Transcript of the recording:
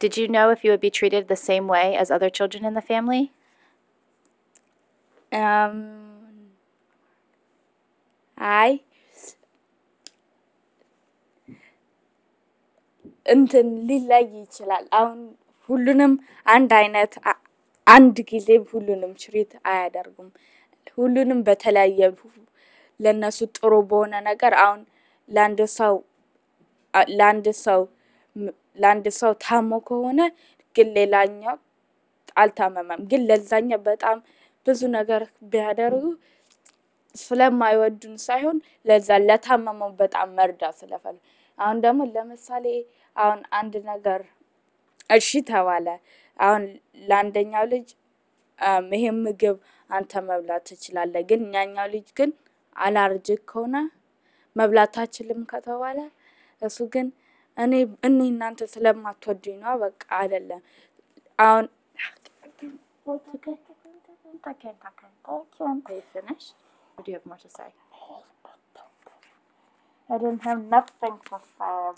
Did you know if you would be treated the same way as other children in the family? Um, I እንትን ሊለይ ይችላል። አሁን ሁሉንም አንድ አይነት አንድ ጊዜ ሁሉንም ትሪት አያደርጉም። ሁሉንም በተለያየ ለነሱ ጥሩ በሆነ ነገር አሁን ለአንድ ሰው ለአንድ ሰው ለአንድ ሰው ታሞ ከሆነ ግን ሌላኛው አልታመመም ግን ለዛኛው በጣም ብዙ ነገር ቢያደርጉ ስለማይወዱን ሳይሆን ለዛ ለታመመው በጣም መርዳት ስለፈል አሁን ደግሞ ለምሳሌ አሁን አንድ ነገር እሺ ተባለ። አሁን ለአንደኛው ልጅ ይሄን ምግብ አንተ መብላት ትችላለህ፣ ግን ያኛው ልጅ ግን አላርጅክ ከሆነ መብላት አችልም ከተባለ እሱ ግን እኔ እኔ እናንተ ስለማትወዱኝ ነው። በቃ አይደለም አሁን I didn't have nothing for five.